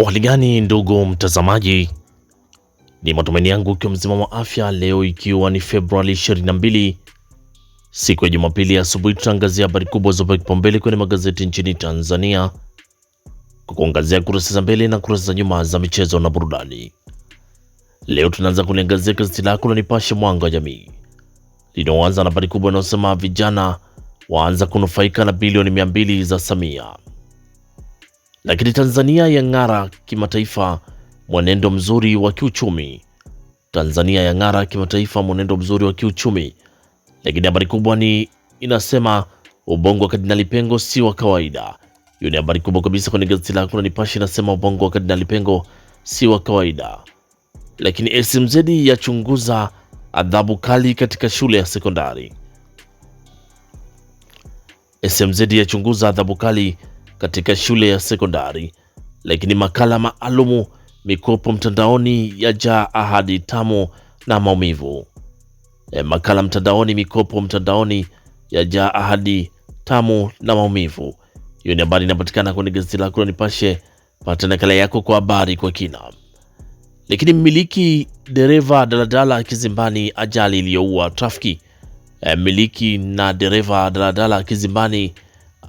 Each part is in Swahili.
Uhaligani ndugu mtazamaji, ni matumaini yangu ukiwa mzima wa afya leo, ikiwa ni Februari 22 siku ya Jumapili asubuhi, tutaangazia habari kubwa zopewa kipaumbele kwenye magazeti nchini Tanzania, kwa kuangazia kurasa za mbele na kurasa za nyuma za michezo na burudani. Leo tunaanza kuliangazia gazeti lako la Nipashe Mwanga wa Jamii linaoanza na habari kubwa inayosema vijana waanza kunufaika na bilioni 200 za Samia lakini Tanzania ya ngara kimataifa mwenendo mzuri wa kiuchumi. Tanzania ya ngara kimataifa mwenendo mzuri wa kiuchumi. Lakini habari kubwa ni inasema ubongo wa Kardinali Pengo si wa kawaida. Hiyo ni habari kubwa kabisa kwenye gazeti lako la Nipashe, inasema ubongo wa Kardinali Pengo si wa kawaida. Lakini SMZ yachunguza adhabu kali katika shule ya sekondari. SMZ yachunguza adhabu kali katika shule ya sekondari, lakini makala maalumu mikopo mtandaoni yajaa ahadi tamu na maumivu. E, makala mtandaoni mikopo mtandaoni yajaa ahadi tamu na maumivu. Hiyo ni habari inapatikana kwenye gazeti lako la Nipashe. Pata nakala yako kwa habari kwa kina. Lakini mmiliki dereva daladala kizimbani, ajali iliyoua trafiki. E, mmiliki na dereva daladala kizimbani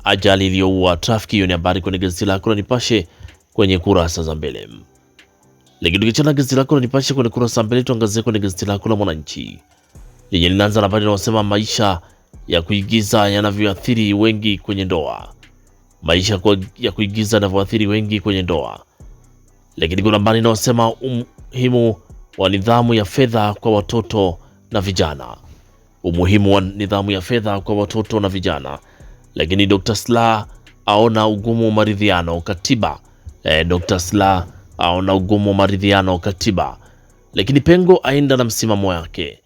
Ajali iliyoua trafiki. Hiyo ni habari kwenye gazeti lako la Nipashe kwenye kurasa za mbele. Lakini tukichana gazeti lako la Nipashe kwenye kurasa za mbele, tuangazie kwenye gazeti lako la Mwananchi yenye linaanza na habari inayosema maisha ya kuigiza yanavyoathiri wengi kwenye ndoa, maisha ya kuigiza yanavyoathiri wengi kwenye ndoa. Lakini kuna habari inayosema umuhimu wa nidhamu ya fedha kwa watoto na vijana, umuhimu wa nidhamu ya fedha kwa watoto na vijana lakini Dr. Sla aona ugumu wa maridhiano katiba. E, Dr. Sla aona ugumu wa maridhiano katiba, lakini Pengo aenda na msimamo yake.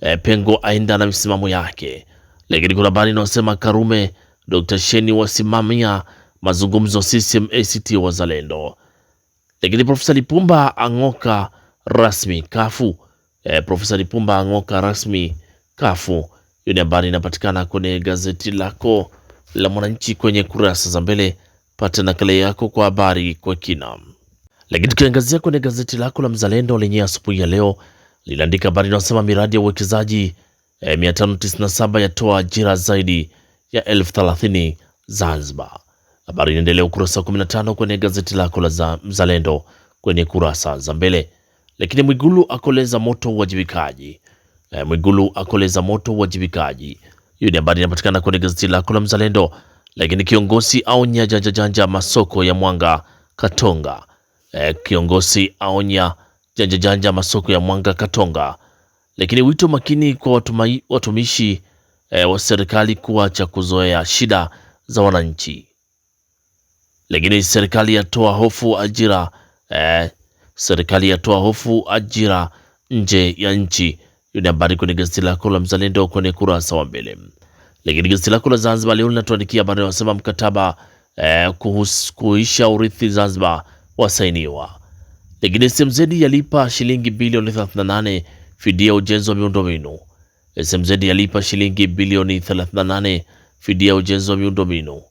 E, Pengo aenda na msimamo yake, lakini kuna habari inayosema Karume, Dr. Sheni wasimamia mazungumzo CCM ACT Wazalendo, lakini Profesa Lipumba ang'oka rasmi kafu. E, Profesa Lipumba ang'oka rasmi kafu. Hiyo ni habari inapatikana kwenye gazeti lako la Mwananchi kwenye kurasa za mbele. Pata nakala yako kwa habari kwa kina. Lakini tukiangazia kwenye gazeti lako la Mzalendo lenye asubuhi ya leo linaandika habari inayosema miradi ya uwekezaji eh, 597 yatoa ajira zaidi ya elfu Zanzibar. Habari inaendelea ukurasa wa 15 kwenye gazeti lako la Mzalendo kwenye kurasa za mbele. Lakini Mwigulu akoleza moto uwajibikaji. Eh, Mwigulu akoleza moto uwajibikaji. Hiyo ni habari inapatikana kwenye gazeti lako la Mzalendo. Lakini kiongozi aonya janjajanja masoko ya Mwanga Katonga. E, kiongozi aonya janjajanja masoko ya Mwanga Katonga. Lakini wito makini kwa watumai, watumishi e, wa serikali kuacha kuzoea shida za wananchi. Lakini serikali yatoa hofu ajira e, serikali yatoa hofu ajira nje ya nchi. Hiyo ni habari kwenye gazeti lako la Mzalendo kwenye kurasa wa mbele. Lakini gazeti lako la Zanzibar Leo linatuandikia habari inasema mkataba eh, kuhus, kuisha urithi Zanzibar wasainiwa. Lakini SMZ yalipa shilingi bilioni 38 fidia ujenzi wa miundombinu. SMZ yalipa shilingi bilioni 38 fidia ujenzi wa miundombinu.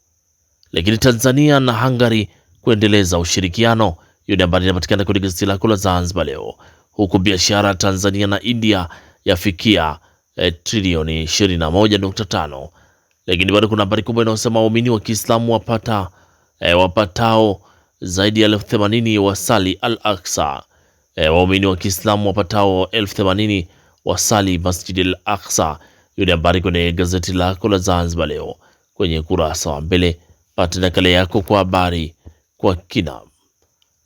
Lakini Tanzania na Hungary kuendeleza ushirikiano. Hiyo ni habari inapatikana kwenye gazeti lako la Zanzibar Leo, huku biashara Tanzania na India yafikia e, trilioni 21.5. Lakini bado kuna habari kubwa inayosema waumini wa Kiislamu wapata e, wapatao zaidi ya elfu themanini wasali Al Aqsa. E, eh, waumini wa Kiislamu wapatao elfu themanini wasali Masjid Al Aqsa. Hiyo ni habari kwenye gazeti lako la Zanzibar leo kwenye kurasa wa mbele. Pata nakala yako kwa habari kwa kina.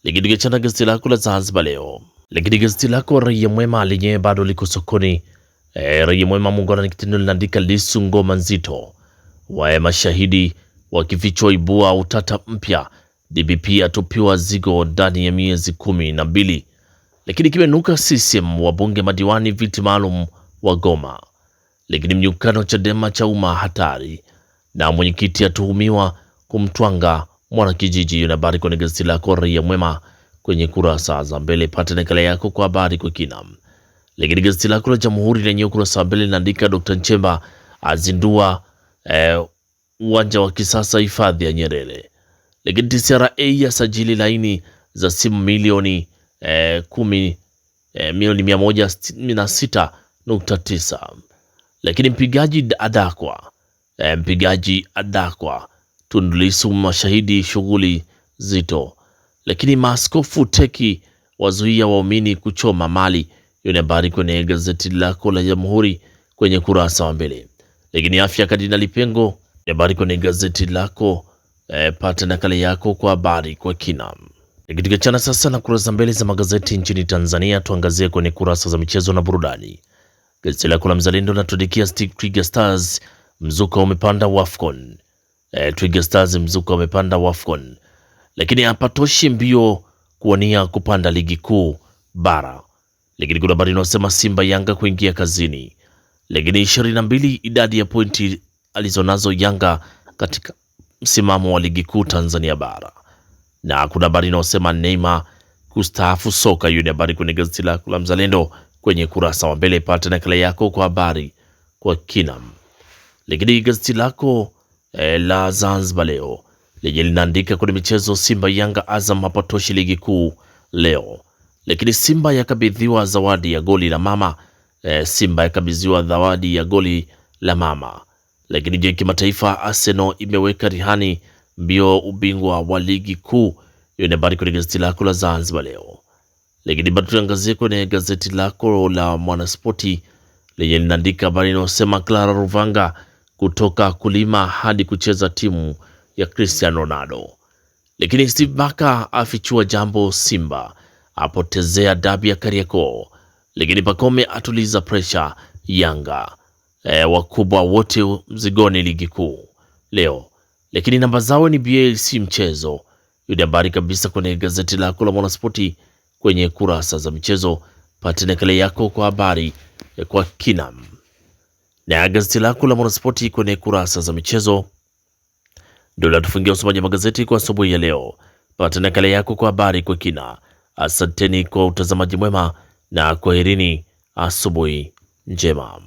Lakini tukiachana gazeti lako la Zanzibar leo lakini gazeti lako Raia Mwema lenyewe bado liko sokoni. E, Raia Mwema muungano ni kitendo linaandika Lissu ngoma nzito, wae mashahidi wakifichwa ibua utata mpya, DPP atupiwa zigo ndani ya miezi kumi na mbili. Lakini kimenuka CCM wabunge madiwani viti maalum wa goma Lakini mnyukano Chadema cha umma hatari na mwenyekiti atuhumiwa kumtwanga mwanakijiji. Ni habari kwenye gazeti lako Raia Mwema kwenye kurasa za mbele. Pata nakala yako kwa habari kwa kina. Lakini gazeti lako la Jamhuri lenye ukurasa wa mbele linaandika Dr. Nchemba azindua eh, uwanja wa kisasa hifadhi ya Nyerere. Lakini TCRA sajili laini za simu milioni eh, kumi eh, milioni mia moja sitini na sita nukta tisa. Lakini mpigaji adakwa eh, mpigaji adakwa Tundu Lissu mashahidi shughuli zito lakini maaskofu teki wazuia waumini kuchoma mali. Hiyo ni habari kwenye gazeti lako la Jamhuri kwenye kurasa wa mbele. Lakini afya Kardinali Pengo ni habari kwenye gazeti lako e, pata nakala yako kwa habari kwa kina. Tukiachana sasa na kurasa mbele za magazeti nchini Tanzania, tuangazie kwenye kurasa za michezo na burudani. Gazeti lako la Mzalendo natudikia Twiga Stars mzuka umepanda WAFCON. E, eh, Twiga Stars mzuka umepanda WAFCON lakini hapatoshi mbio kuwania kupanda ligi kuu bara. Lakini kuna habari inayosema Simba Yanga kuingia kazini, lakini ishirini na mbili idadi ya pointi alizonazo Yanga katika msimamo wa ligi kuu Tanzania bara, na kuna habari inayosema Neymar kustaafu soka. Hiyo ni habari kwenye gazeti lako la Mzalendo kwenye kurasa wa mbele, pata nakala yako kwa habari kwa kinam. Lakini gazeti lako eh, la Zanzibar leo lenye linaandika kwenye michezo Simba Yanga Azam hapatoshi ligi kuu leo, lakini Simba yakabidhiwa zawadi ya goli la mama e, Simba yakabidhiwa zawadi ya goli la mama. Lakini je, kimataifa Arsenal imeweka rihani mbio ubingwa wa ligi kuu. Hiyo ni habari kwenye gazeti lako la Zanzibar leo, lakini bado tuangazie kwenye gazeti lako la Mwanaspoti lenye linaandika habari inayosema Clara Ruvanga kutoka kulima hadi kucheza timu ya Cristiano Ronaldo. Lakini Steve Barker afichua jambo Simba apotezea dabi ya Kariakoo, lakini Pacome atuliza presha Yanga. E, wakubwa wote mzigoni ligi kuu leo, lakini namba zao ni BL si mchezo. Hiyo habari kabisa kwenye gazeti lako la Mwanaspoti kwenye kurasa za michezo. Pate nakala yako kwa habari kwa kinam na gazeti lako la Mwanaspoti kwenye kurasa za michezo. Ndio linatufungia usomaji wa magazeti kwa asubuhi ya leo. Pata nakala yako kwa habari kwa kina. Asanteni kwa utazamaji mwema na kwaherini, asubuhi njema.